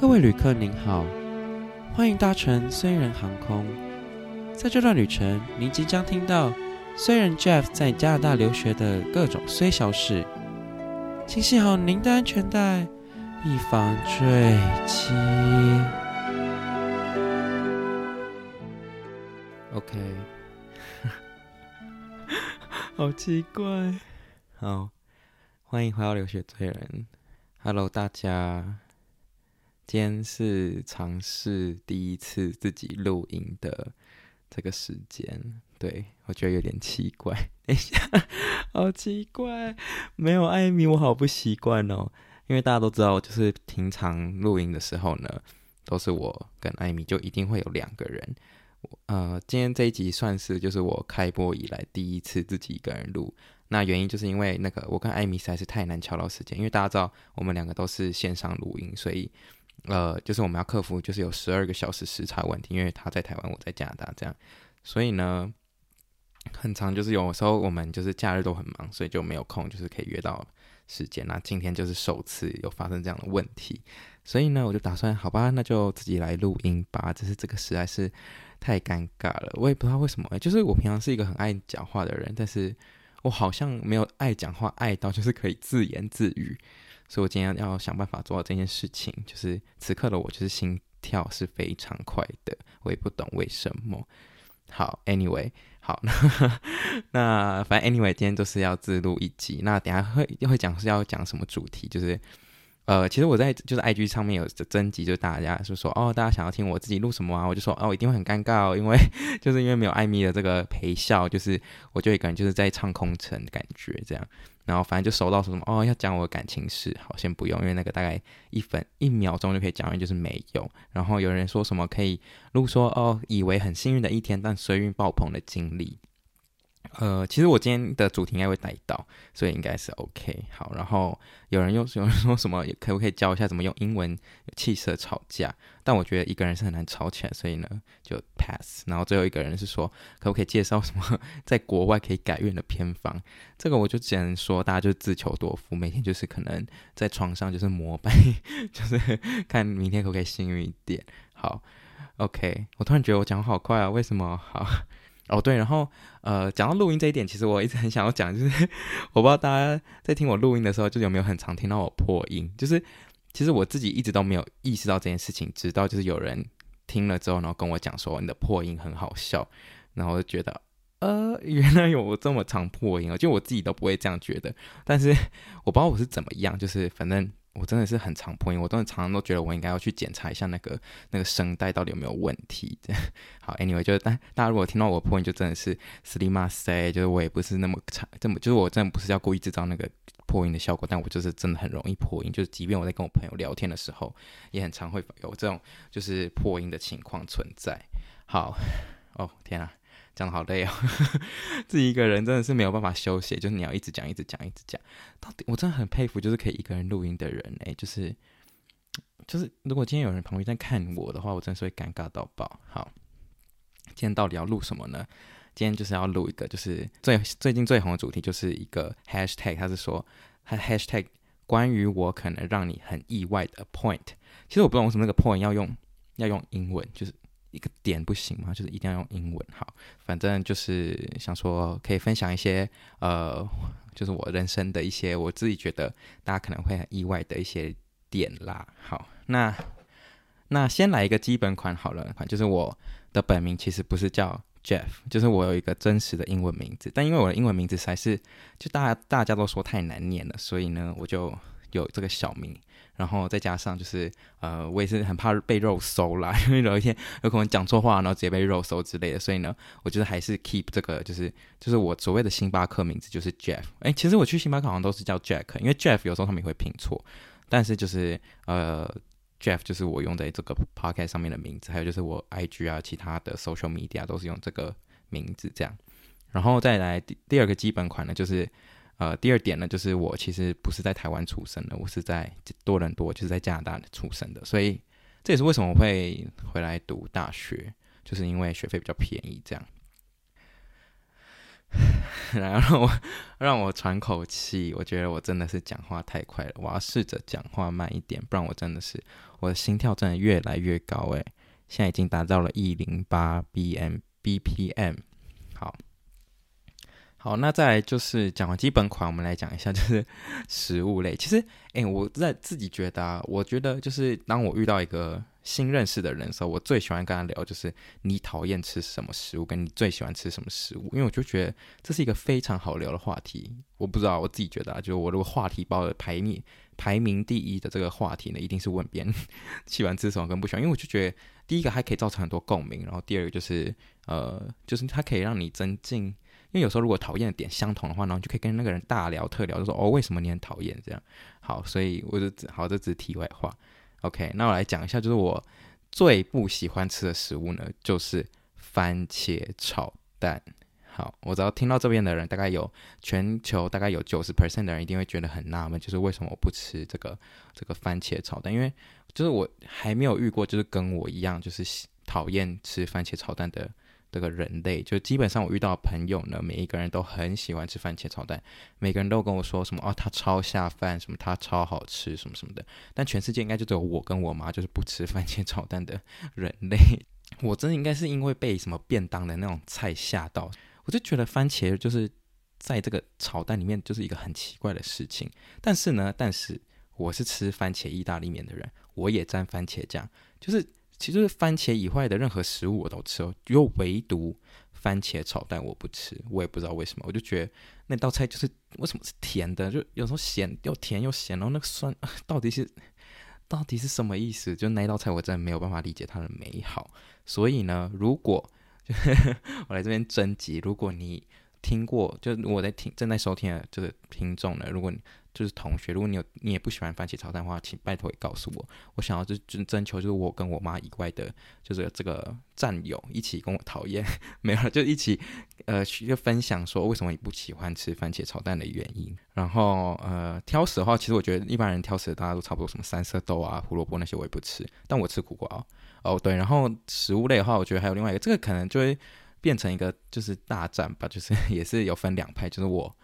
各位旅客您好，歡迎搭乘雖然航空。在這段旅程，您即將聽到雖然 Jeff 在加拿大留學的各種雖小事，請繫好您的安全帶，以防墜機。OK， 好奇怪。好，歡迎回到留學雖人。Hello，大家。今天是嘗試第一次自己錄音的這個時間，對，我覺得有點奇怪，等一下好奇怪，沒有艾米，我好不習慣哦。因為大家都知道，就是平常錄音的時候呢，都是我跟艾米，就一定會有兩個人。呃，今天這一集算是就是我開播以來第一次自己一個人錄，那原因就是因為那個我跟艾米實在是太難敲到時間，因為大家知道我們兩個都是線上錄音，所以。呃，就是我們要克服，就是有十二個小時時差問題，因為他在台灣，我在加拿大，這樣，所以呢，很常，就是有時候我們就是假日都很忙，所以就沒有空，就是可以約到時間。那今天就是首次有發生這樣的問題，所以呢，我就打算好吧，那就自己來錄音吧。只是這個實在是太尷尬了，我也不知道為什麼、欸，就是我平常是一個很愛講話的人，但是我好像沒有愛講話愛到就是可以自言自語。所以，我今天要想辦法做到這件事情。就是此刻的我，就是心跳是非常快的。我也不懂為什麼。好，anyway，好，那反正 anyway，今天就是要自錄一集。那等一下會會講是要講什麼主題？就是呃，其實我在就是 IG 上面有徵集，就是大家就說哦，大家想要聽我自己錄什麼啊？我就說哦，我一定會很尷尬，因為就是因為沒有艾米的這個陪笑，就是我就一個人就是在唱空城的感覺這樣。然後反正就收到說什麼哦，要講我的感情史，好，先不用，因為那個大概一分一秒鐘就可以講完，就是沒有。然後有人說什麼可以，如果說哦，以為很幸運的一天，但衰運爆棚的經歷。呃，其實我今天的主題應該會帶到，所以應該是 OK。好，然後有人又有人說什麼，可不可以教一下怎麼用英文氣色吵架？但我覺得一個人是很難吵起來，所以呢就 pass。然後最後一個人是說，可不可以介紹什麼在國外可以改運的偏方？這個我就只能說大家就自求多福，每天就是可能在床上就是膜拜，就是看明天可不可以幸運一點。好，OK。我突然覺得我講話好快啊，為什麼？好。哦，對，然後呃，講到錄音這一點，其實我一直很想要講，就是我不知道大家在聽我錄音的時候，就有沒有很常聽到我破音，就是其實我自己一直都沒有意識到這件事情，直到就是有人聽了之後，然後跟我講說、哦、你的破音很好笑，然後就覺得呃，原來有這麼常破音、哦，就我自己都不會這樣覺得，但是我不知道我是怎麼樣，就是反正。我真的是很常破音，我真的常常都覺得我應該要去檢查一下那個那個聲帶到底有沒有問題。 好，anyway，就是大大家如果聽到我的破音，就真的是すみません就是我也不是那麼常這麼，就是我真的不是要故意制造那個破音的效果，但我就是真的很容易破音，就是即便我在跟我朋友聊天的時候，也很常會有這種就是破音的情況存在。好，哦天啊！講的好累哦， 自己一個人真的是沒有辦法休息，就是你要一直講，一直講，一直講。到底我真的很佩服，就是可以一個人錄音的人誒、欸，就是就是如果今天有人旁邊在看我的話，我真的是會尷尬到爆。好，今天到底要錄什麼呢？今天就是要錄一個，就是最最近最紅的主題，就是一個 hashtag，他是說他 hashtag 關於我可能讓你很意外的 point。其實我不知道為什麼那個 point 要用要用英文，就是。一個點不行嗎？就是一定要用英文。好，反正就是想說可以分享一些呃，就是我人生的一些我自己覺得大家可能會很意外的一些點啦。好，那那先來一個基本款好了，款就是我的本名其實不是叫 Jeff，就是我有一個真實的英文名字，但因為我的英文名字實在是就大家大家都說太難念了，所以呢我就有這個小名。然後再加上就是，呃，我也是很怕被肉搜啦，因為有一天有可能講錯話，然後直接被肉搜之類的。所以呢，我覺得還是 keep 這個，就是就是我所謂的星巴克名字就是 Jeff。哎，其實我去星巴克好像都是叫 Jack，因為 Jeff 有時候他們也會拼錯。但是就是呃，Jeff 就是我用在這個 podcast 上面的名字，還有就是我 IG 啊其他的 social media 都是用這個名字這樣。然後再來第第二個基本款呢，就是。呃，第二點呢，就是我其實不是在台灣出生的，我是在多倫多，就是在加拿大出生的，所以這也是為什麼我會回來讀大學，就是因為學費比較便宜這樣。 然後讓我，讓我喘口氣，我覺得我真的是講話太快了，我要試着講話慢一點，不然我真的是我的心跳真的越來越高，誒。現在已經達到了一零八 BM BPM。好，那再來就是講完基本款，我們來講一下就是食物類。其實，哎、欸，我在自己覺得、啊，我覺得就是當我遇到一個新認識的人的時候，我最喜歡跟他聊就是你討厭吃什麼食物，跟你最喜歡吃什麼食物。因為我就覺得這是一個非常好聊的話題。我不知道，我自己覺得、啊，就是我如果話題包的排名，排名第一的這個話題呢，一定是問別人喜歡吃什麼跟不喜歡，因為我就覺得第一個還可以造成很多共鳴，然後第二個就是呃，就是它可以讓你增進。因為有時候如果討厭的點相同的話，然後你就可以跟那個人大聊特聊，就說哦，為什麼你很討厭這樣？好，所以我就，好，就只好這只是題外話。OK，那我來講一下，就是我最不喜歡吃的食物呢，就是番茄炒蛋。好，我只要聽到這邊的人，大概有全球大概有九十 percent 的人一定會覺得很納悶，就是為什麼我不吃這個這個番茄炒蛋？因為就是我還沒有遇過，就是跟我一樣，就是討厭吃番茄炒蛋的。這個人類就基本上，我遇到朋友呢，每一個人都很喜歡吃番茄炒蛋，每個人都跟我說什麼啊，他超下飯，什麼他超好吃，什麼什麼的。但全世界應該就只有我跟我媽就是不吃番茄炒蛋的人類。我真的應該是因為被什麼便當的那種菜嚇到，我就覺得番茄就是在這個炒蛋裡面就是一個很奇怪的事情。但是呢，但是我是吃番茄意大利麵的人，我也沾番茄醬，就是。其實番茄以外的任何食物我都吃哦，又唯獨番茄炒蛋我不吃，我也不知道為什麼，我就覺得那道菜就是為什麼是甜的，就有時候鹹又甜又鹹，然後那個酸到底是到底是什麼意思？就那道菜我真的沒有辦法理解它的美好。所以呢，如果就 我來這邊徵集，如果你聽過，就我在聽正在收聽的這個聽眾呢，如果你，就是同學，如果你有你也不喜歡番茄炒蛋的話，請拜托也告訴我。我想要就是徵求，就是我跟我媽以外的，就是這個戰友一起跟我討厭，沒有了，就一起呃就分享說為什麼你不喜歡吃番茄炒蛋的原因。然後呃挑食的話，其實我覺得一般人挑食，大家都差不多什麼三色豆啊、胡蘿蔔那些我也不吃，但我吃苦瓜哦。哦對，然後食物類的話，我覺得還有另外一個，這個可能就會變成一個就是大戰吧，就是也是有分兩派，就是我。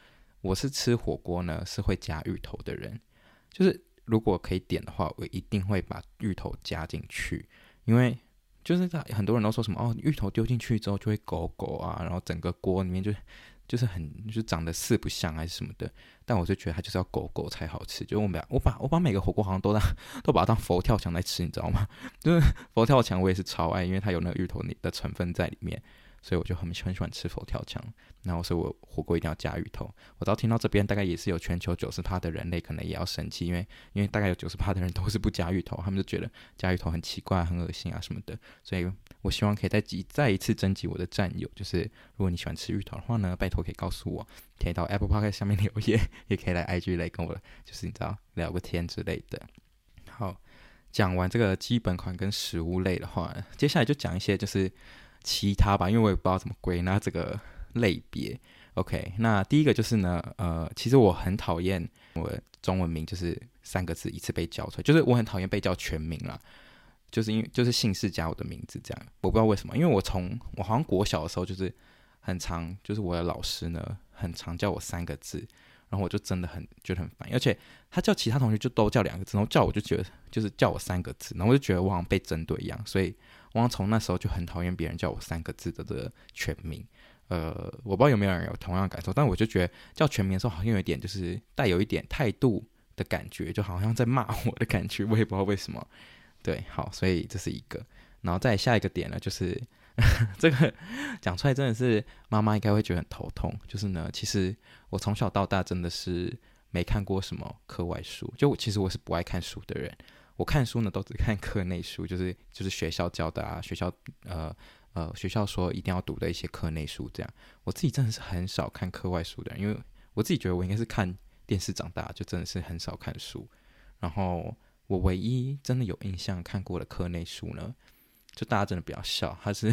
我是吃火鍋呢，是會加芋頭的人，就是如果可以點的話，我一定會把芋頭加進去，因為就是很多人都說什麼哦，芋頭丟進去之後就會狗狗啊，然後整個鍋裡面就就是很就長得四不像還是什麼的，但我就覺得它就是要狗狗才好吃，就我把我把我把每個火鍋好像都當都把它當佛跳牆來吃，你知道嗎？就是佛跳牆我也是超愛，因為它有那個芋頭的成分在裡面。所以我就很很喜歡吃佛跳牆，然後所以我火鍋一定要加芋頭。我知道聽到這邊，大概也是有全球九十八的人類可能也要生氣，因為因為大概有九十八的人都是不加芋頭，他們就覺得加芋頭很奇怪、很惡心啊什麼的。所以我希望可以再集再一次徵集我的戰友，就是如果你喜歡吃芋頭的話呢，拜托可以告訴我，填到 Apple Podcast 下面留言，也可以來 IG 來跟我，就是你知道聊個天之類的。好，講完這個基本款跟食物類的話，接下來就講一些就是。其他吧，因為我也不知道怎麼歸，那這個類別。OK，那第一個就是呢，呃，其實我很討厭我的中文名就是三個字一次被叫出來，就是我很討厭被叫全名啦，就是因為就是姓氏加我的名字這樣，我不知道為什麼，因為我從我好像國小的時候就是很常，就是我的老師呢很常叫我三個字。然後我就真的很覺得很煩，而且他叫其他同學就都叫兩個字，然後叫我就覺得就是叫我三個字，然後我就覺得我好像被針對一樣，所以我從那時候就很討厭別人叫我三個字的的全名。呃，我不知道有沒有人有同樣的感受，但我就覺得叫全名的時候好像有一點就是帶有一點態度的感覺，就好像在罵我的感覺，我也不知道為什麼。對，好，所以這是一個，然後再下一個點呢，就是。 這個講出來真的是媽媽應該會覺得很頭痛。就是呢，其實我從小到大真的是沒看過什麼課外書，就我其實我是不愛看書的人。我看書呢都只看課內書，就是就是學校教的啊，學校呃呃學校說一定要讀的一些課內書。這樣我自己真的是很少看課外書的人，因為我自己覺得我應該是看電視長大，就真的是很少看書。然後我唯一真的有印象看過的課內書呢，就大家真的不要笑，他是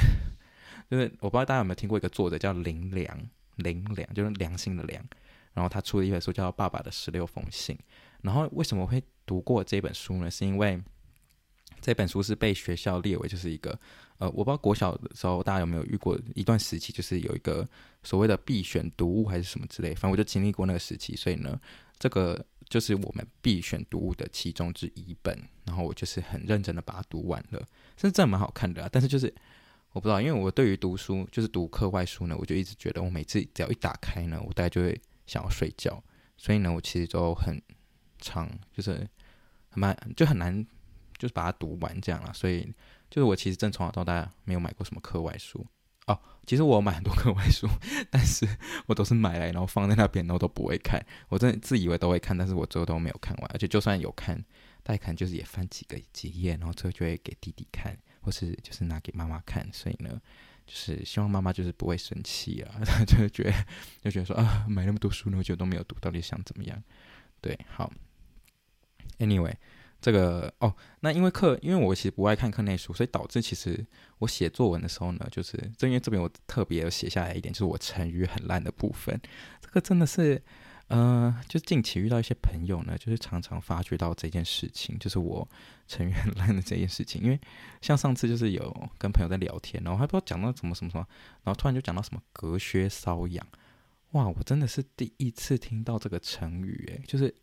因為、就是、我不知道大家有沒有聽過一個作者叫林良，林良就是良心的良，然後他出了一本書叫《爸爸的十六封信》，然後為什麼我會讀過這本書呢？是因為這本書是被學校列為就是一個，呃，我不知道國小的時候大家有沒有遇過一段時期，就是有一個所謂的必選讀物還是什麼之類的，反正我就經歷過那個時期，所以呢，這個。就是我們必選讀物的其中之一本，然後我就是很認真的把它讀完了，是真的蠻好看的啊。但是就是我不知道，因為我對於讀書，就是讀課外書呢，我就一直覺得我每次只要一打開呢，我大概就會想要睡覺，所以呢，我其實都很常，就是很慢，就很難就是把它讀完這樣了啊。所以就是我其實真從小到大沒有買過什麼課外書。哦，其實我買很多課外書，但是我都是買來然後放在那邊，然後都不會看。我真的自以為都會看，但是我最後都沒有看完。而且就算有看，大概可能就是也翻幾個幾頁，然後最後就會給弟弟看，或是就是拿給媽媽看。所以呢，就是希望媽媽就是不會生氣啊，就覺得就覺得說啊，買那麼多書，那麼久都沒有讀，到底想怎麼樣？對，好，anyway。這個哦，那因為課，因為我其實不愛看課內書，所以導致其實我寫作文的時候呢，就是正因為這邊我特別有寫下來一點，就是我成語很爛的部分。這個真的是，嗯、呃，就近期遇到一些朋友呢，就是常常發覺到這件事情，就是我成語很爛的這件事情。因為像上次就是有跟朋友在聊天，然後還不知道講到什麼什麼什麼，然後突然就講到什麼隔靴搔癢，哇，我真的是第一次聽到這個成語，誒，就是。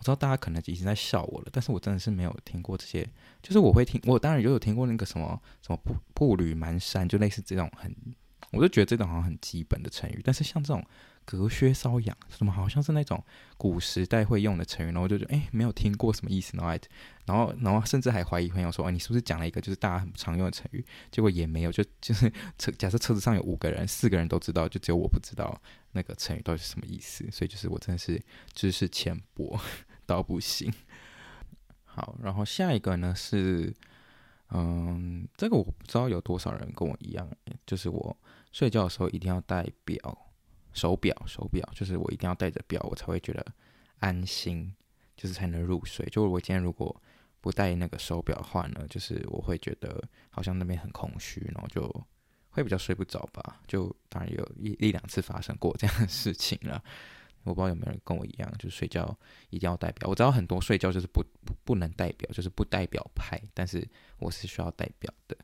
我知道大家可能已經在笑我了，但是我真的是沒有聽過這些。就是我會聽，我當然也有聽過那個什麼什麼步履蹣跚，就類似這種很，我就覺得這種好像很基本的成語。但是像這種隔靴搔癢，什麼好像是那種古時代會用的成語，然後我就覺得哎、欸，沒有聽過什麼意思。No right、然後然後然後甚至還懷疑朋友說，啊、欸，你是不是講了一個就是大家很常用的成語？結果也沒有，就就是車，假設車子上有五個人，四個人都知道，就只有我不知道那個成語到底是什麼意思。所以就是我真的是知識淺薄到不行。好，然後下一個呢是，嗯，這個我不知道有多少人跟我一樣，就是我睡覺的時候一定要戴錶，手錶，手錶，就是我一定要戴著錶，我才會覺得安心，就是才能入睡。就我今天如果不戴那個手錶的話呢，就是我會覺得好像那邊很空虛，然後就會比較睡不着吧。就當然有一一,一兩次發生過這樣的事情了。我不知道有沒有人跟我一樣，就是睡覺一定要戴錶。我知道很多睡覺就是不不不能戴錶，就是不戴錶拍，但是我是需要戴錶的。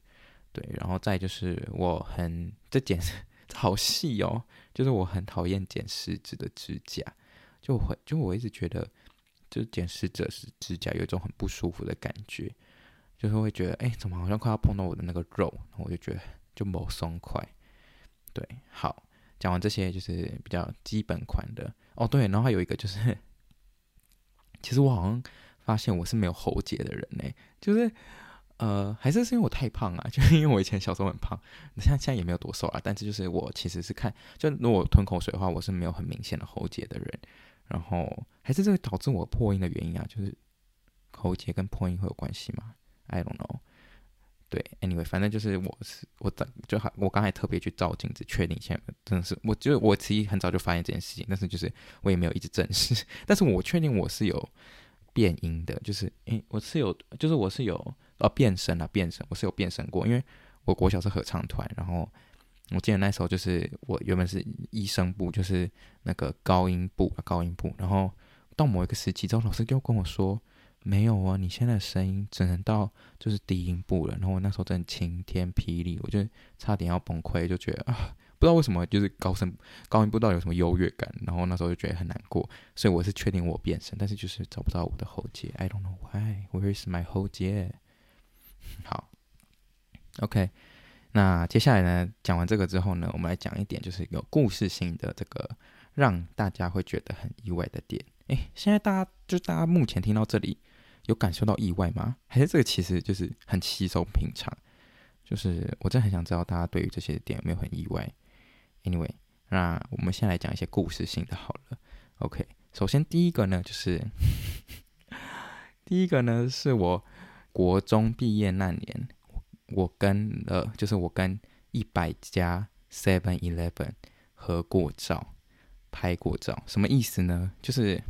對，然後再就是我很這剪這好細哦，就是我很討厭剪食指的指甲，就會就我一直覺得就剪食指指甲有一種很不舒服的感覺，就是會覺得哎怎麼好像快要碰到我的那個肉，我就覺得就毛松快。對，好，講完這些就是比較基本款的。哦，對，然後還有一個就是，其實我好像發現我是沒有喉結的人呢，就是呃，還是是因為我太胖啊，就因為我以前小時候很胖，現在現在也沒有多瘦啊，但是就是我其實是看，就如果吞口水的話，我是沒有很明顯的喉結的人，然後還是這個導致我破音的原因啊，就是喉結跟破音會有關係嗎？I don't know。對，anyway，反正就是我是我就，就還我剛才特別去照鏡子，確定一下，真的是，我就，我其實很早就發現這件事情，但是就是我也沒有一直證實，但是我確定我是有變音的，就是誒我是有，就是我是有呃、啊、變聲啊變聲，我是有變聲過，因為我國小是合唱團，然後我記得那時候就是我原本是低聲部，就是那個高音部啊高音部，然後到某一個時期之後，老師就跟我說。沒有啊、哦，你現在的聲音只能到就是低音部了。然後我那時候真的晴天霹靂，我就差點要崩潰，就覺得啊，不知道為什麼就是高聲高音不知道有什麼優越感。然後那時候就覺得很難過，所以我是確定我變聲，但是就是找不到我的喉結。I don't know why, where is my 喉結？好，OK，那接下來呢，講完這個之後呢，我們來講一點就是有故事性的這個讓大家會覺得很意外的點。誒，現在大家就大家目前聽到這裡。有感受到意外嗎？還是這個其實就是很稀鬆平常？就是我真的很想知道大家對於這些點有沒有很意外。Anyway，那我們先來講一些故事性的好了。OK，首先第一個呢就是， 第一個呢是我國中畢業那年，我跟呃就是我跟一百家 Seven Eleven 合過照、拍過照，什麼意思呢？就是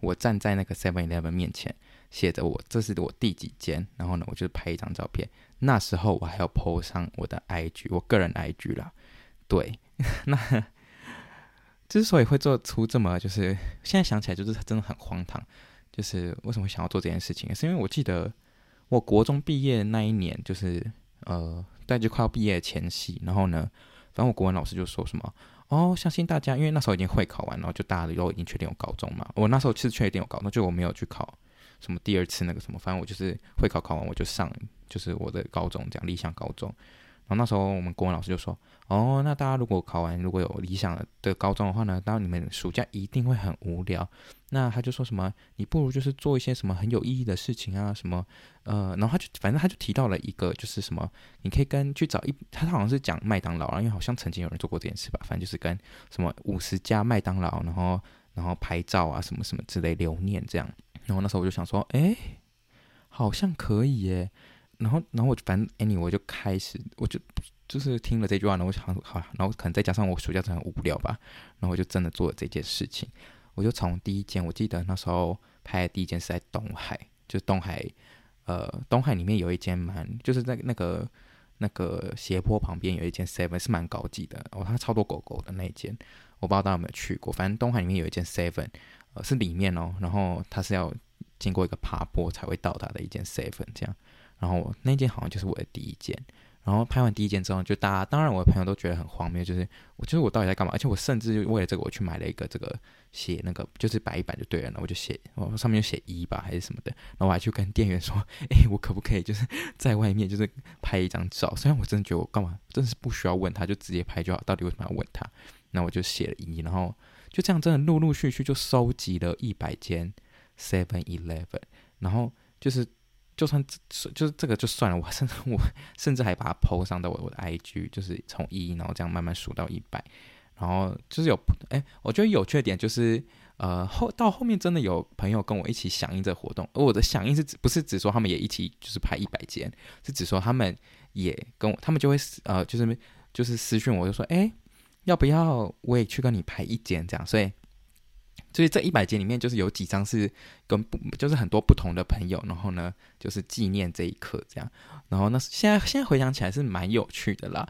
我站在那個 Seven Eleven 面前。寫着我，這是我第幾間，然後呢，我就拍一張照片。那時候我還要 po 上我的 IG，我個人 IG 啦。對，那之所以會做出這麼，就是現在想起來就是真的很荒唐，就是為什麼會想要做這件事情，是因為我記得我國中畢業那一年，就是呃，在就快要畢業前夕，然後呢，反正我國文老師就說什麼，哦，相信大家，因為那時候已經會考完了，然後就大家都已經確定有高中嘛。我那時候其實確定有高中，就我沒有去考。什麼第二次那個什麼，反正我就是會考考完我就上，就是我的高中這樣，理想高中。然後那時候我們國文老師就說：“哦，那大家如果考完如果有理想的高中的話呢，當然你們暑假一定會很無聊。”那他就說什麼：“你不如就是做一些什麼很有意義的事情啊，什麼呃，然後他就反正他就提到了一個就是什麼，你可以跟去找一他他好像是講麥當勞啊，因為好像曾經有人做過這件事吧。反正就是跟什麼五十家麥當勞，然後然後拍照啊什麼什麼之類留念這樣。”然後那時候我就想說，哎、欸，好像可以耶。然後，然後我就反正 any、欸、我就開始，我就就是聽了這句話，然後我想好，然後可能再加上我暑假真的很無聊吧，然後我就真的做了這件事情。我就從第一間，我記得那時候拍的第一間是在東海，就是東海，呃，東海裡面有一間蠻就是在那個那個斜坡旁邊有一間 seven 是蠻高級的哦，它超多狗狗的那間，我不知道大家有沒有去過，反正東海裡面有一間 seven。是裡面哦，然後它是要經過一個爬坡才會到達的一間 seven 這樣，然後那間好像就是我的第一間，然後拍完第一間之後，就大家當然我的朋友都覺得很荒謬，就是我就是我到底在幹嘛？而且我甚至為了這個我去買了一個這個寫那個就是白板就對了，然後我就寫我上面就寫一、e、吧還是什麼的，然後我還去跟店員說，誒，我可不可以就是在外面就是拍一張照？雖然我真的覺得我幹嘛，真的是不需要問他，就直接拍就好，到底為什麼要問他？那我就寫了一、e，然後。就這樣，真的陸陸續續就收集了一百間 Seven Eleven，然後就是就算這就是這個就算了，我甚至我甚至還把它 PO 上到我的 IG，就是從一，然後這樣慢慢數到一百，然後就是有哎、欸，我覺得有趣的點就是呃後到後面真的有朋友跟我一起響應這個活動，而我的響應是指不是只說他們也一起就是拍一百間，是指說他們也跟我，他們就會呃就是就是私訊我就說哎。欸要不要我也去跟你拍一間這樣？所以，所以這一百間裡面就是有幾張是跟不就是很多不同的朋友，然後呢，就是紀念這一刻這樣。然後那現在現在回想起來是蠻有趣的啦。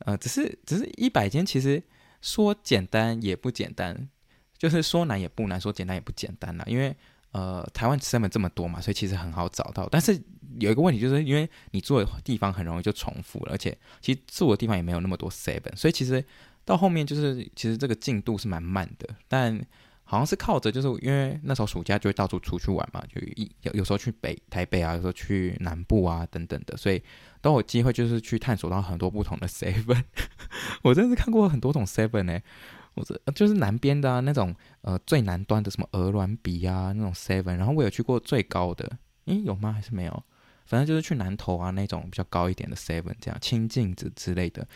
呃，只是只是一百間，其實說簡單也不簡單，就是說難也不難，說簡單也不簡單啦。因為呃台灣 seven 這麼多嘛，所以其實很好找到。但是有一個問題就是，因為你住的地方很容易就重複了，而且其實住的地方也沒有那麼多 seven，所以其實。到後面就是其實這個進度是蠻慢的，但好像是靠着就是因為那時候暑假就會到處出去玩嘛，就一有有時候去北台北啊，有時候去南部啊等等的，所以都有機會就是去探索到很多不同的 seven。 我真的是看過很多種 seven 誒、欸，我這就是南邊的啊那種呃最南端的什麼鵝鑾鼻啊那種 seven，然後我有去過最高的，誒，有嗎還是沒有？反正就是去南投啊那種比較高一點的 seven，這樣清境子之類的。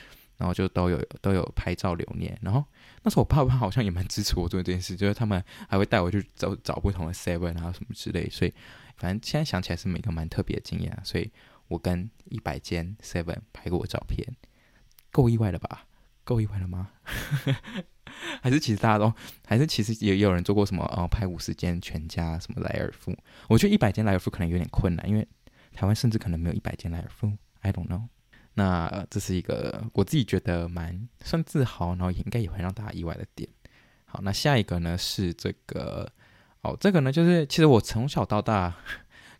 然後就都有都有拍照留念，然後那時候我爸爸好像也蠻支持我做這件事，就是他們還會帶我去找找不同的 seven 啊什麼之類，所以反正現在想起來是每個蠻特別的經驗啊，所以我跟一百間 seven 拍過我照片，夠意外了吧？夠意外了嗎？ 還是其實大家都還是其實也有人做過什麼呃、哦，拍五十間全家什麼萊爾富，我覺得一百間萊爾富可能有點困難，因為台灣甚至可能沒有一百間萊爾富，I don't know。那，呃，這是一個我自己覺得蠻算自豪，然後也應該也會讓大家意外的點。好，那下一個呢是這個，哦，這個呢就是其實我從小到大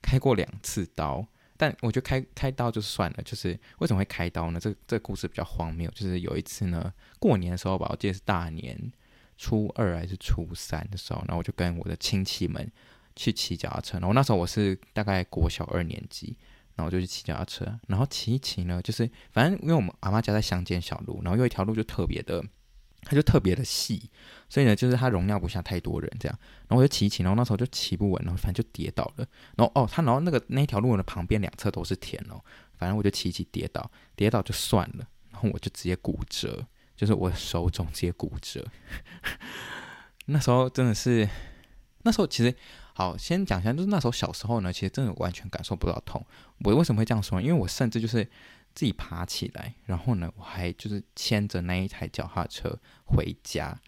開過兩次刀，但我覺得開開刀就算了。就是為什麼會開刀呢？這個這個故事比較荒謬。就是有一次呢，過年的時候吧，我記得是大年初二還是初三的時候，然後我就跟我的親戚們去騎腳踏車，然後那時候我是大概國小二年級。然後我就去騎腳踏車，然後騎一騎呢，就是反正因為我們阿嬤家在鄉間小路，然後又有一條路就特別的，它就特別的細，所以呢，就是它容納不下太多人這樣。然後我就騎一騎，然後那時候就騎不穩，然後反正就跌倒了。然後哦，他然後那個那條路的旁邊兩側都是田哦，反正我就騎一騎跌倒，跌倒就算了，然後我就直接骨折，就是我手肘直接骨折。 那時候真的是，那時候其實。好，先講一下，就是那時候小時候呢，其實真的完全感受不到痛。我為什麼會這樣說呢？因為我甚至就是自己爬起來，然後呢，我還就是牽着那一台腳踏車回家，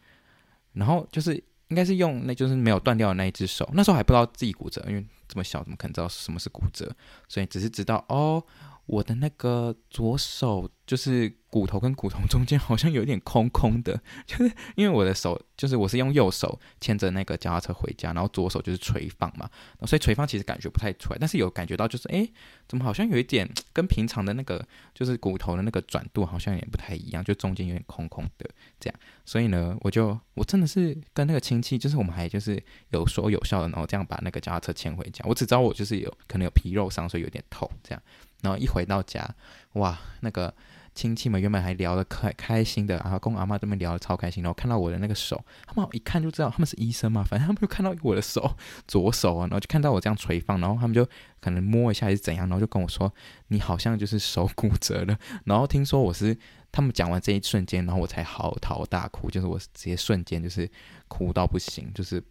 然後就是應該是用那就是沒有斷掉的那一隻手。那時候還不知道自己骨折，因為這麼小怎麼可能知道什麼是骨折？所以只是知道哦，我的那個左手。就是骨頭跟骨頭中間好像有點空空的，就是因為我的手，就是我是用右手牽着那個腳踏車回家，然後左手就是垂放嘛，所以垂放其實感覺不太出來，但是有感覺到就是，哎，怎麼好像有一點跟平常的那個就是骨頭的那個轉度好像也不太一樣，就中間有點空空的這樣，所以呢，我就我真的是跟那個親戚，就是我們還就是有說有笑的，然後這樣把那個腳踏車牽回家，我只知道我就是有可能有皮肉傷，所以有點痛這樣，然後一回到家，哇，那個。親戚們原本還聊得開開心的，然後跟我阿媽這邊聊得超開心，然後看到我的那個手，他們一看就知道他們是醫生嘛，反正他們就看到我的手，左手啊，然後就看到我這樣垂放，然後他們就可能摸一下是怎樣，然後就跟我說你好像就是手骨折了，然後聽說我是他們講完這一瞬間，然後我才嚎啕大哭，就是我直接瞬間就是哭到不行，就是。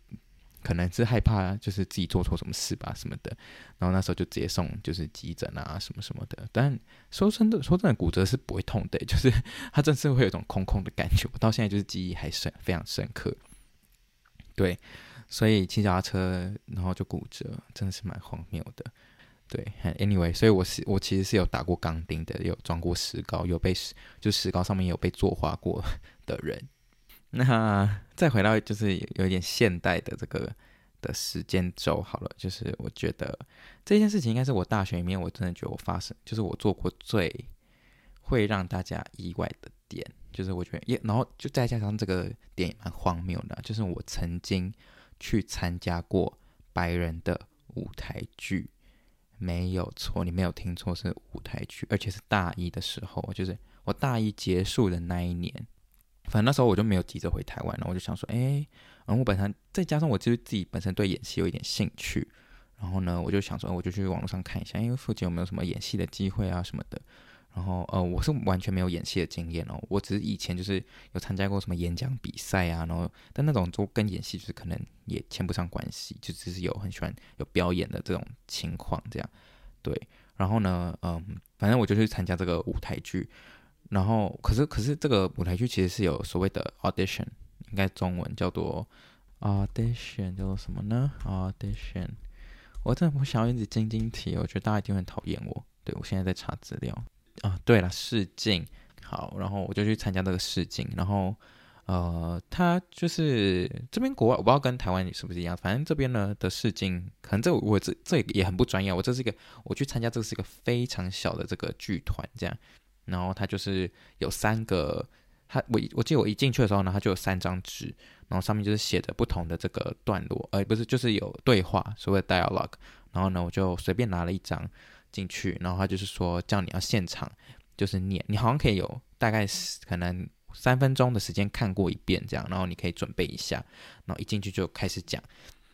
可能是害怕，就是自己做錯什麼事吧，什麼的。然後那時候就直接送，就是急診啊，什麼什麼的。但說真的，說真的，骨折是不會痛的，就是它真是會有一種空空的感覺。我到現在就是記憶還是非常深刻。對，所以騎腳踏車，然後就骨折，真的是蠻荒謬的。對，Anyway，所以我是我其實是有打過鋼釘的，有裝過石膏，有被石就石膏上面有被作畫過的人。那再回到就是有一點現代的這個的時間軸好了，就是我覺得這件事情應該是我大學裡面我真的覺得我發生，就是我做過最會讓大家意外的點，就是我覺得也，然後就再加上這個點也蠻荒謬的，就是我曾經去參加過白人的舞台劇，沒有錯，你沒有聽錯，是舞台劇，而且是大一的時候，就是我大一結束的那一年。反正那時候我就沒有急着回台灣，然後我就想說，哎，然後我本身再加上我就自己本身對演戲有一點興趣，然後呢，我就想說，我就去網絡上看一下，因為附近有沒有什麼演戲的機會啊什麼的。然後呃，我是完全沒有演戲的經驗哦，我只是以前就是有參加過什麼演講比賽啊，然後但那種都跟演戲就是可能也牽不上關係，就只是有很喜歡有表演的這種情況這樣。對，然後呢，嗯、呃，反正我就去參加這個舞台劇。然後，可是，可是這個舞台劇其實是有所謂的 audition，應該中文叫做 audition，叫做什麼呢？audition，我真的不想要一直晶晶體，我覺得大家一定很討厭我。對，我現在在查資料。啊，對了，試鏡，好，然後我就去參加這個試鏡，然後呃，他就是這邊國外我不知道跟台灣是不是一樣，反正這邊呢的試鏡，可能這我這這也很不專業，我這是一個我去參加，這個是一個非常小的這個劇團這樣。然後他就是有三個，他我我記得我一進去的時候呢，他就有三張紙，然後上面就是寫着不同的這個段落，呃，不是，就是有對話，所謂 dialogue。然後呢，我就隨便拿了一張進去，然後他就是說叫你要現場就是唸，你好像可以有大概是可能三分鐘的時間看過一遍這樣，然後你可以準備一下，然後一進去就開始講，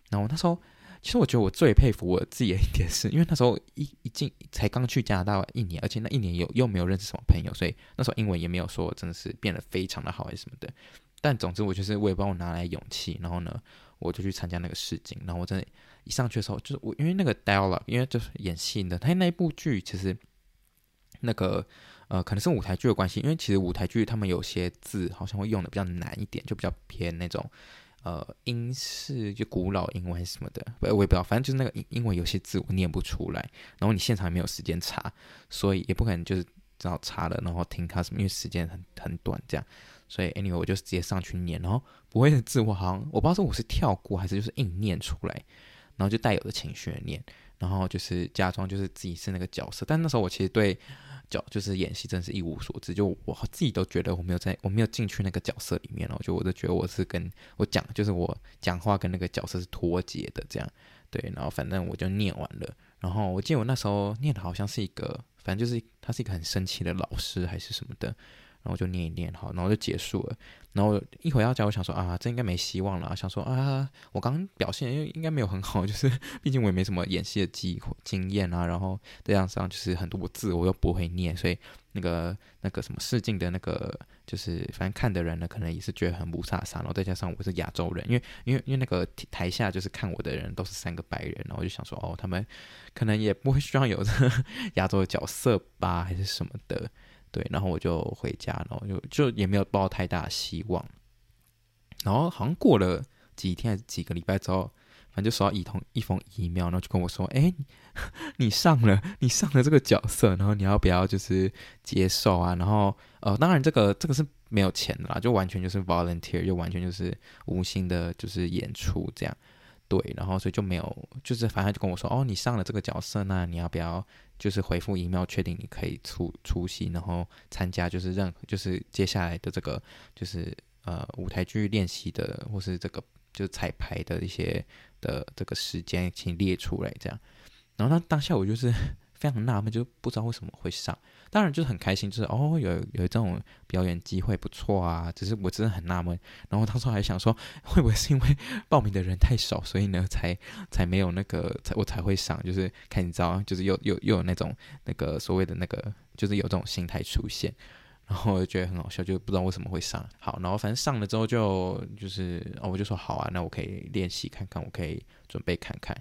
然後那時候。其實我覺得我最佩服我自己的一點是，因為那時候一一進才剛去加拿大一年，而且那一年有又沒有認識什麼朋友，所以那時候英文也沒有說真的是變得非常的好，還是什麼的。但總之，我就是我也不知道我哪來勇氣，然後呢，我就去參加那個試鏡。然後我真的一上去的時候，就是我因為那個 dialogue，因為就是演戲的，他那,那一部劇其實那個呃可能是舞台劇有關係，因為其實舞台劇他們有些字好像會用得比較難一點，就比較偏那種。呃，英式就古老英文什麼的，我也不知道，反正就是那個英英文有些字我念不出來，然後你現場也沒有時間查，所以也不可能就是只好查了，然後聽他什麼，因為時間很很短這樣，所以 anyway 我就直接上去念，然後不會的字我好像我不知道是我是跳過還是就是硬念出來，然後就帶有的情緒念，然後就是假裝就是自己是那個角色，但那時候我其實對。就就是演戲真是一無所知，就我自己都覺得我沒有在我沒有進去那個角色裡面，然後就我就覺得我是跟我講，就是我講話跟那個角色是脫節的這樣，對，然後反正我就念完了，然後我記得我那時候念的好像是一個，反正就是他是一個很生氣的老師還是什麼的。然後就念一念，好，然後就結束了。然後一回到家，我想說啊，這應該沒希望了。想說啊，我剛表現，因為應該沒有很好，就是畢竟我也沒什麼演戲的經經驗啊。然後再加上就是很多我字我又不會念，所以那個那個什麼試鏡的那個，就是反正看的人呢，可能也是覺得很霧煞煞。然後再加上我是亞洲人，因為因為因為那個台下就是看我的人都是三個白人，然後我就想說哦，他們可能也不會希望有這亞洲的角色吧，還是什麼的。對，然後我就回家，然後就就也沒有抱太大希望。然後好像過了幾天還是幾個禮拜之後，反正就收到一封一封 email，然後就跟我說：“哎，你上了，你上了這個角色，然後你要不要就是接受啊？”然後呃，當然這個這個是沒有錢的啦，就完全就是 volunteer，就完全就是無心的，就是演出這樣。對，然後所以就沒有，就是反正就跟我說，哦，你上了這個角色，那你要不要就是回復 email 確定你可以出出席，然後參加就是任就是接下來的這個就是呃舞台劇練習的或是這個就是彩排的一些的這個時間，請列出來這樣。然後那當下我就是非常納悶，就不知道為什麼會上。當然就是很開心，就是哦有有這種表演機會不錯啊，只是我真的很納悶。然後當時還想說，會不會是因為報名的人太少，所以呢才才沒有那個，才我才會上，就是看你知道，就是又又又有那種那個所謂的那個，就是有這種心態出現。然後我就覺得很好笑，就不知道為什麼會上。好，然後反正上了之後就就是哦，我就說好啊，那我可以練習看看，我可以準備看看。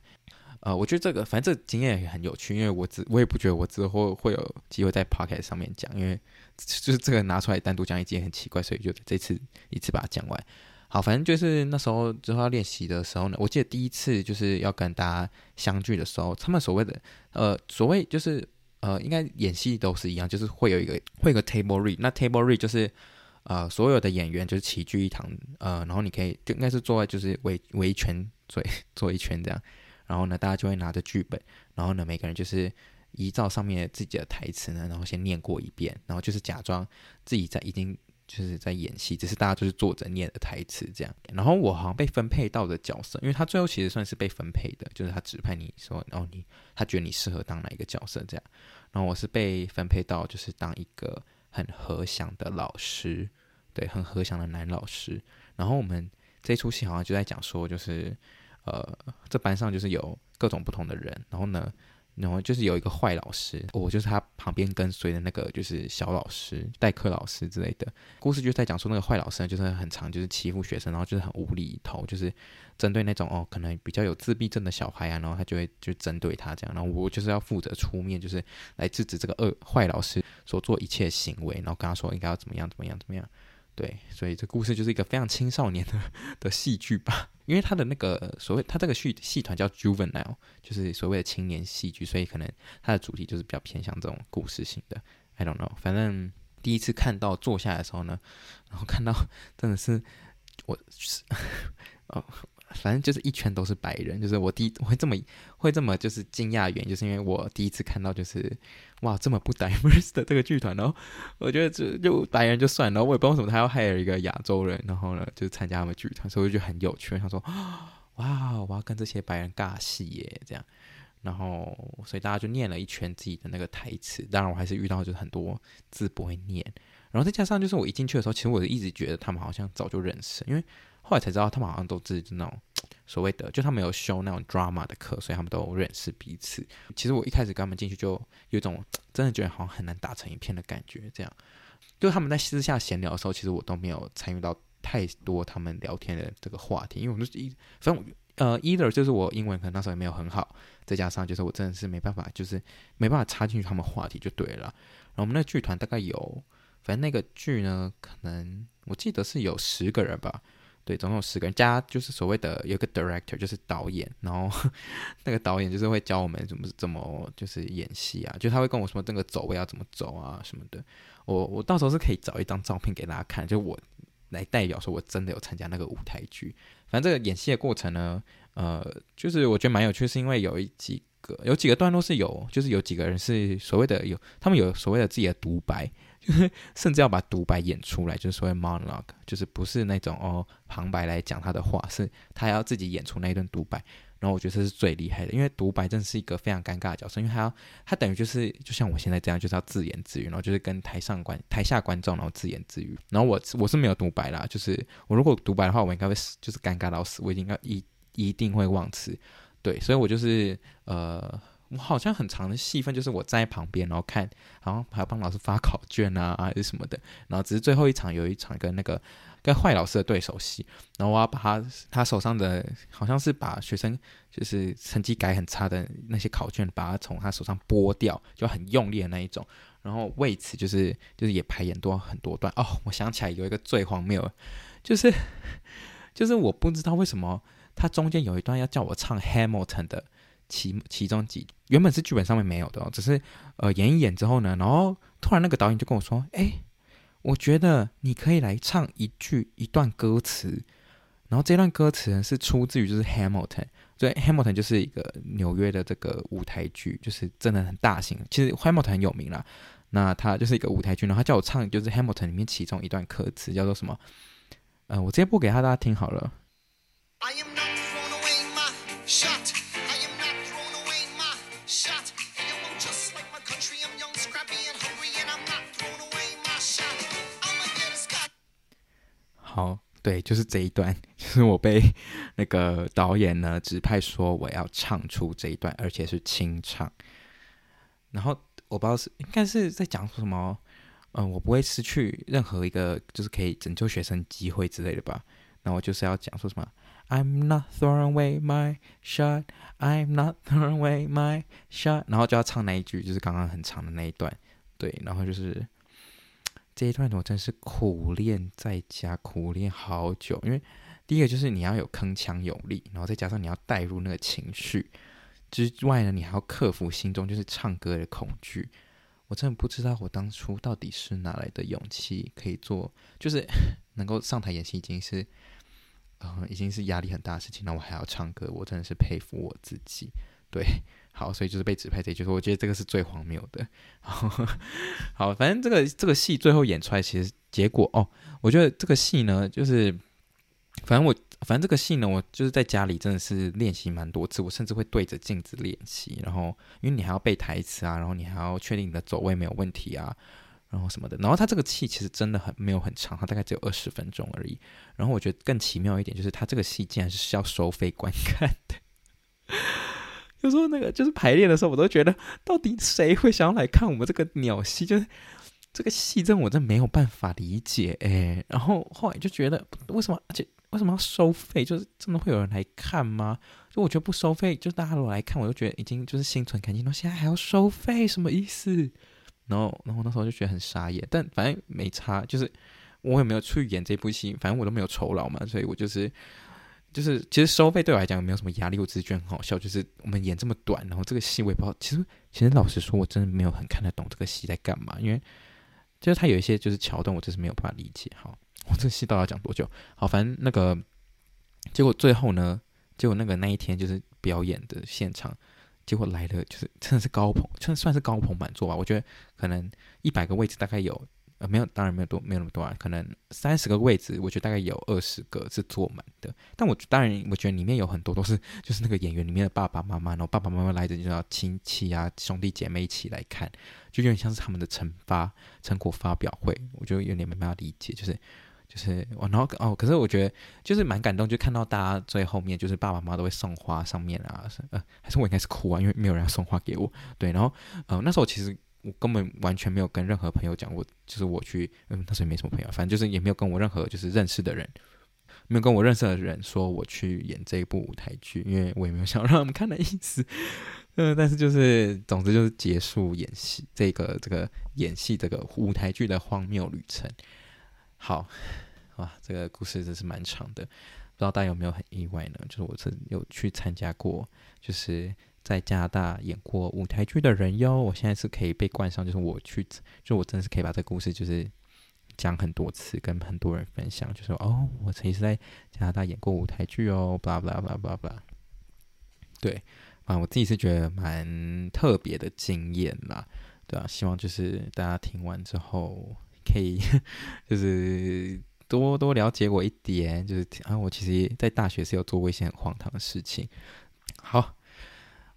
啊、呃，我覺得這個反正這個經驗也很有趣，因為我只我也不覺得我之後會會有機會在 podcast 上面講，因為就是這個拿出來單獨講已經很奇怪，所以就這一次一次把它講完。好，反正就是那時候之後要練習的時候呢，我記得第一次就是要跟大家相聚的時候，他們所謂的呃所謂就是呃應該演戲都是一樣，就是會有一個會有一個 table read，那 table read 就是啊、呃、所有的演員就是齊聚一堂，呃，然後你可以就應該是坐在就是圍圍一圈對，坐一圈這樣。然後呢，大家就會拿着劇本，然後呢，每個人就是依照上面自己的台詞呢，然後先念過一遍，然後就是假裝自己在已經就是在演戲，只是大家就是坐着念的台詞這樣。然後我好像被分配到的角色，因為他最後其實算是被分配的，就是他指派你說哦，你，他覺得你適合當哪一個角色這樣。然後我是被分配到就是當一個很和祥的老師，對，很和祥的男老師。然後我們這一出戲好像就在講說就是。呃，這班上就是有各種不同的人，然後呢，然後就是有一個壞老師，我、哦、就是他旁邊跟隨的那個就是小老師、代課老師之類的。故事就在講說，那個壞老師呢就是很常就是欺負學生，然後就是很無厘頭，就是針對那種哦，可能比較有自閉症的小孩啊，然後他就會就針對他這樣，然後我就是要負責出面，就是來制止這個惡壞老師所做一切行為，然後跟他說應該要怎麼樣怎麼樣怎麼樣。對，所以這故事就是一個非常青少年的的戲劇吧。因為他的那個所謂，他這個戲戲，戲團叫 Juvenile，就是所謂的青年戲劇，所以可能他的主題就是比較偏向這種故事性的。I don't know，反正第一次看到坐下來的時候呢，然後看到真的是我是，哦。 oh. 反正就是一圈都是白人，就是我第一，我會這麼會這麼就是驚訝，原因就是因為我第一次看到就是哇，這麼不 diverse 的這個劇團，然後我覺得就就白人就算了，我也不知道為什麼他要 hire 一個亞洲人，然後呢就參加他們劇團，所以我就很有趣。他說，哇，我要跟這些白人尬戲耶這樣，然後所以大家就念了一圈自己的那個台詞，當然我還是遇到就是很多字不會念，然後再加上就是我一進去的時候，其實我一直覺得他們好像早就認識，因為。後來才知道，他們好像都是那種所謂的，就他們有修那種 drama 的課，所以他們都認識彼此。其實我一開始跟他們進去就有一種真的覺得好像很難打成一片的感覺。這樣，就他們在私下閒聊的時候，其實我都沒有參與到太多他們聊天的這個話題，因為我就一、是、反正呃，either 就是我英文可能那時候也沒有很好，再加上就是我真的是沒辦法，就是沒辦法插進去他們話題就對了。然後我們那劇團大概有，反正那個劇呢，可能我記得是有十個人吧。對，總共有十個人加，就是所謂的有一個 director，就是導演，然後那個導演就是會教我們怎麼怎麼就是演戲啊，就他會跟我說這個走位要怎麼走啊什麼的。我我到時候是可以找一張照片給大家看，就我來代表說我真的有參加那個舞台劇。反正這個演戲的過程呢，呃，就是我覺得蠻有趣，是因為有一幾個有幾個段落是有，就是有幾個人是所謂的有他們有所謂的自己的獨白。 甚至要把獨白演出來，就是所謂 monologue，就是不是那種哦，旁白來講他的話，是他要自己演出那一段獨白。然後我覺得這是最厲害的，因為獨白真的是一個非常尷尬的角色，因為他要他等於就是就像我現在這樣，就是要自言自語，然後就是跟台上觀台下觀眾然後自言自語。然後我我是沒有獨白啦，就是我如果獨白的話，我應該會就是尷尬到死，我應該一定一定會忘詞。對，所以我就是呃。我好像很長的戲份，就是我在旁邊，然後看，然後還要幫老師發考卷啊，還是什麼的。然後只是最後一場有一場跟那個跟壞老師的對手戲，然後我要把他他手上的好像是把學生就是成績改很差的那些考卷，把他從他手上剝掉，就很用力的那一種。然後為此就是就是也排演多很多段。哦，我想起來有一個最荒謬，就是就是我不知道為什麼他中間有一段要叫我唱 Hamilton 的。其其中幾原本是劇本上面沒有的哦，只是呃演一演之後呢，然後突然那個導演就跟我說：“哎，我覺得你可以來唱一句一段歌詞。”然後這段歌詞呢是出自於就是《Hamilton》，所以《Hamilton》就是一個紐約的這個舞台劇，就是真的很大型。其實《Hamilton》很有名啦，那他就是一個舞台劇，然後他叫我唱就是《Hamilton》裡面其中一段歌詞，叫做什麼？呃，我直接播給他大家聽好了。I am 哦，對，就是這一段，就是我被那個導演呢指派說我要唱出這一段，而且是清唱。然後我不知道是應該是在講說什麼哦，嗯，我不會失去任何一個就是可以拯救學生機會之類的吧。然後就是要講說什麼，I'm not throwing away my shot，I'm not throwing away my shot，然後就要唱那一句，就是剛剛很長的那一段，對，然後就是。這一段我真的是苦練，在家苦練好久。因為第一個就是你要有鏗鏘有力，然後再加上你要帶入那個情緒之外呢，你還要克服心中就是唱歌的恐懼。我真的不知道我當初到底是哪來的勇氣，可以做就是能夠上台演戲已經是，啊、呃，已經是壓力很大的事情。那我還要唱歌，我真的是佩服我自己。對，好，所以就是被指派這，就是我覺得這個是最荒謬的。 好，反正這個這個戲最後演出來，其實結果哦，我覺得這個戲呢，就是反正我，反正這個戲呢，我就是在家裡真的是練習蠻多次，我甚至會對着鏡子練習。然後，因為你還要背台詞啊，然後你還要確定你的走位沒有問題啊，然後什麼的。然後他這個戲其實真的很沒有很長，他大概只有二十分鐘而已。然後我覺得更奇妙一點就是，他這個戲竟然是需要收費觀看的。 有時候，那個就是排練的時候，我都覺得到底誰會想要來看我們這個鳥戲？就是這個戲，真的我真的沒有辦法理解哎。然後後來就覺得為什麼，而且為什麼要收費？就是真的會有人來看嗎？就我覺得不收費，就大家都來看，我就覺得已經就是心存感激。那現在還要收費，什麼意思？然後，然後那時候就覺得很傻眼，但反正沒差。就是我也沒有出演這部戲，反正我都沒有酬勞嘛，所以我就是。就是其實收費對我來講沒有什麼壓力，我只是覺得很好笑。就是我們演這麼短，然後這個戲我也不知道。其實其實老實說，我真的沒有很看得懂這個戲在幹嘛，因為就是它有一些就是橋段，我就是沒有辦法理解。哈。我這個戲到底要講多久？好，反正那個結果最後呢，結果那個那一天就是表演的現場，結果來了就是真的是高朋，真的算是高朋滿座吧。我覺得可能一百個位置大概有。呃，沒有，當然沒有多，沒有那麼多啊。可能三十個位置，我覺得大概有二十個是坐滿的。但我當然，我覺得裡面有很多都是，就是那個演員裡面的爸爸媽媽，然後爸爸媽媽來的就叫親戚啊、兄弟姐妹一起來看，就有點像是他們的成發成果發表會。我覺得有點沒辦法理解，就是就是我、哦，然後哦，可是我覺得就是蠻感動，就是、看到大家最後面，就是爸爸媽媽都會送花上面啊，呃，還是我應該是哭啊，因為沒有人要送花給我。對，然後呃，那時候其實。我根本完全沒有跟任何朋友講，我就是我去，嗯，當時也沒什麼朋友，反正就是也沒有跟我任何就是認識的人，沒有跟我認識的人說我去演這一部舞台劇，因為我也沒有想讓他們看的意思。嗯，但是就是，總之就是結束演戲這個這個演戲這個舞台劇的荒謬旅程。好，哇，這個故事真是蠻長的，不知道大家有沒有很意外呢？就是我曾有去參加過，就是。在加拿大演過舞台劇的人喲，我現在是可以被冠上，就是我去，就我真的是可以把這個故事就是講很多次，跟很多人分享，就是、說哦，我曾經是在加拿大演過舞台劇哦，blah blah blah blah blah。對，啊，我自己是覺得蠻特別的經驗啦，對啊，希望就是大家聽完之後，可以 就是多多了解我一點，就是啊，我其實在大學是有做過一些很荒唐的事情。好。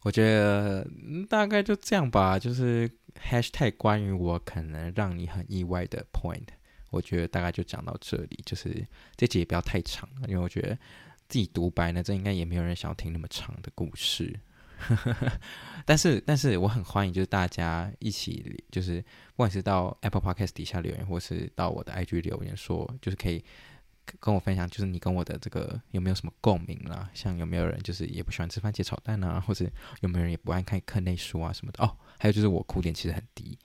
我覺得大概就這樣吧，就是 Hashtag 關於我可能讓你很意外的 point，我覺得大概就講到這裡，就是這集也不要太長，因為我覺得自己獨白呢，這應該也沒有人想要聽那麼長的故事。 但是，但是我很歡迎，就是大家一起，就是不管是到 Apple Podcast 底下留言，或是到我的 IG 留言說，說就是可以。跟我分享，就是你跟我的這個有沒有什麼共鳴啦？像有沒有人就是也不喜歡吃番茄炒蛋啊，或者有沒有人也不愛看課內書啊什麼的？哦，還有就是我哭點其實很低，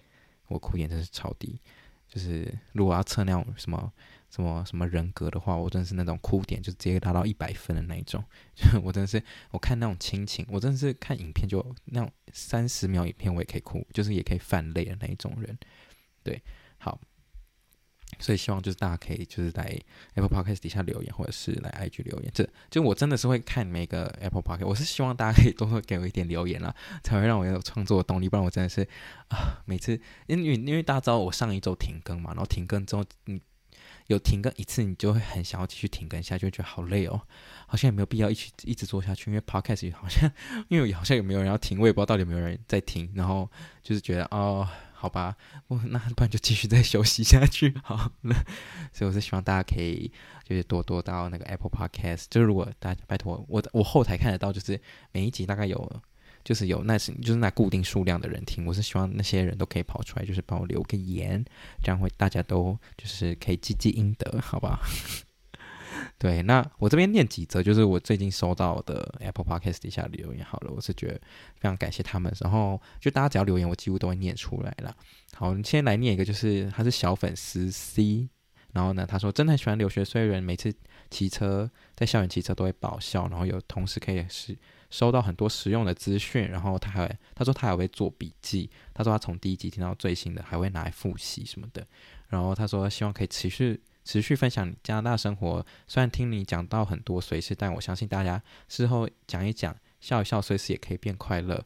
我哭點真是超低。就是如果要測那種什麼什麼什麼人格的話，我真的是那種哭點就直接達到一百分的那一種。就我真的是我看那種親情，我真的是看影片就那種三十秒影片我也可以哭，就是也可以泛淚的那一種人。對，好。所以希望就是大家可以就是來 Apple Podcast 底下留言，或者是來 IG 留言，這就我真的是會看每個 Apple Podcast。我是希望大家可以多多給我一點留言啦，才會讓我有創作的動力。不然我真的是啊，每次因為因為大家知道我上一周停更嘛，然後停更之後，你有停更一次，你就會很想要繼續停更下，下就覺得好累哦，好像也沒有必要一起一直做下去。因為 Podcast 也好像因為好像也沒有人要聽，我也不知道到底有沒有人在聽，然後就是覺得哦。好吧，我那不然就繼續再休息下去好了。所以我是希望大家可以就是多多到那個 Apple Podcast。就是如果大家拜托我，我後台看得到，就是每一集大概有就是有那些就是那固定數量的人聽。我是希望那些人都可以跑出來，就是幫我留個言，這樣會大家都就是可以積積陰德，好吧？對，那我這邊念幾則，就是我最近收到的 Apple Podcast 底下留言好了。我是覺得非常感謝他們，然後就大家只要留言，我幾乎都會念出來啦。好，我們先來念一個，就是他是小粉絲 C，然後呢，他說真的很喜歡留學，雖人每次騎車在校園騎車都會爆笑，然後有同時可以是收到很多實用的資訊，然後他還他說他還會做筆記，他說他從第一集聽到最新的，還會拿來複習什麼的，然後他說希望可以持續。持續分享加拿大生活，雖然聽你講到很多衰事，但我相信大家事後講一講，笑一笑，衰事也可以變快樂。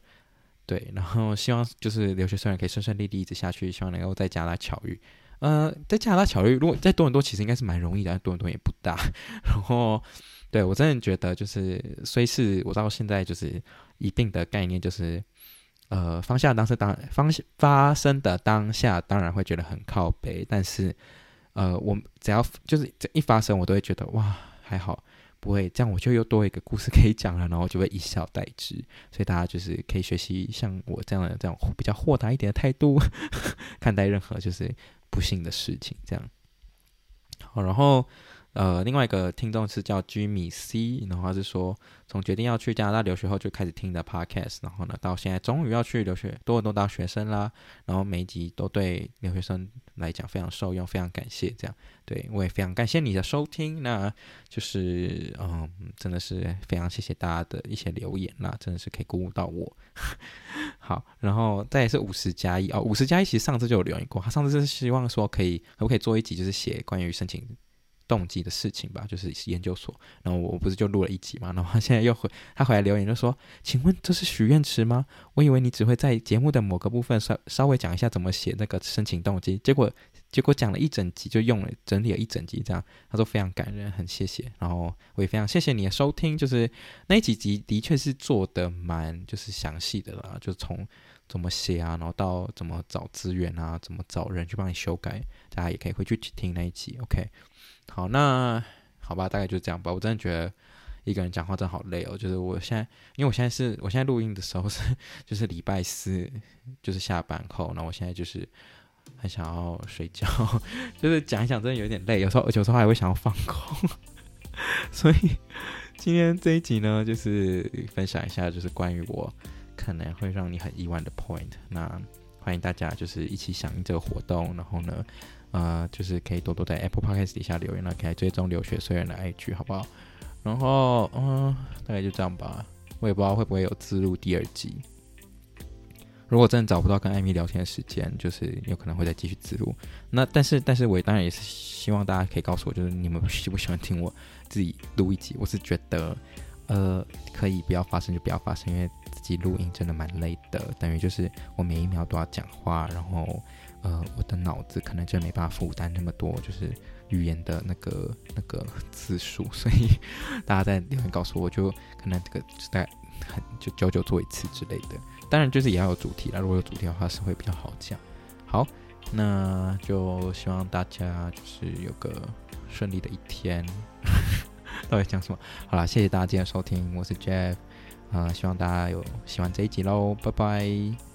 對，然後希望就是留學生也可以順順利利一直下去，希望能夠在加拿大巧遇。呃，在加拿大巧遇，如果在多倫多，其實應該是蠻容易的，但多倫多也不大。然後，對我真的覺得就是衰事，我到現在就是一定的概念，就是呃，當下當時當方發生的當下，當然會覺得很靠北，但是。呃，我只要就是這一發生，我都會覺得哇，還好不會這樣，我就又多一個故事可以講了，然後我就會一笑帶之，所以大家就是可以學習像我這樣的這樣比較豁達一點的態度， 看待任何就是不幸的事情，這樣好，然後。呃，另外一個聽眾是叫 Jimmy C，然後他是說，從決定要去加拿大留學後，就開始聽的 Podcast，然後呢，到現在終於要去留學，多倫多大學生啦。然後每一集都對留學生來講非常受用，非常感謝這樣。對，我也非常感謝你的收聽。那就是嗯，真的是非常謝謝大家的一些留言啦，真的是可以鼓舞到我。 好，然後再來是五十加一哦，五十加一其實上次就有留言過，他上次是希望說可以可不可以做一集就是寫關於申請動機的事情吧，就是研究所。然後我不是就錄了一集嘛，然後現在又回他回來留言，就說：“請問這是許願池嗎？”我以為你只會在節目的某個部分稍稍微講一下怎麼寫那個申請動機，結果結果講了一整集，就用了整理了一整集這樣。他說非常感人，很謝謝。然後我也非常謝謝你的收聽，就是那一集集的確是做得蠻就是詳細的啦，就從怎麼寫啊，然後到怎麼找資源啊，怎麼找人去幫你修改，大家也可以回去去聽那一集。OK。好，那好吧，大概就這樣吧。我真的覺得一個人講話真的好累哦。就是我現在，因為我現在是我現在錄音的時候是就是禮拜四，就是下班後，那我現在就是很想要睡覺。就是講一講，真的有點累。有時候，有時候還會想要放空。所以今天這一集呢，就是分享一下，就是關於我可能會讓你很意外的 point。那歡迎大家就是一起響應這個活動，然後呢。啊、呃，就是可以多多在 Apple Podcast 底下留言了，啊，可以追蹤留學雖人的 IG，好不好？然後，嗯、呃，大概就這樣吧。我也不知道會不會有自錄第二集。如果真的找不到跟艾米聊天的時間，就是有可能會再繼續自錄。那但是，但是，我當然也是希望大家可以告訴我，就是你們喜不喜歡聽我自己錄一集？我是覺得，呃，可以不要發生就不要發生，因為自己錄音真的蠻累的，等於就是我每一秒都要講話，然後。呃，我的腦子可能就沒辦法負擔那麼多，就是語言的那個那個字數，所以大家在留言告訴我，就可能這個就大概很就久久做一次之類的。當然，就是也要有主題啦，如果有主題的話是會比較好講。好，那就希望大家就是有個順利的一天。 到底講什麼？好啦，謝謝大家今天的收聽，我是 Jeff，啊、呃，希望大家有喜歡這一集嘍，拜拜。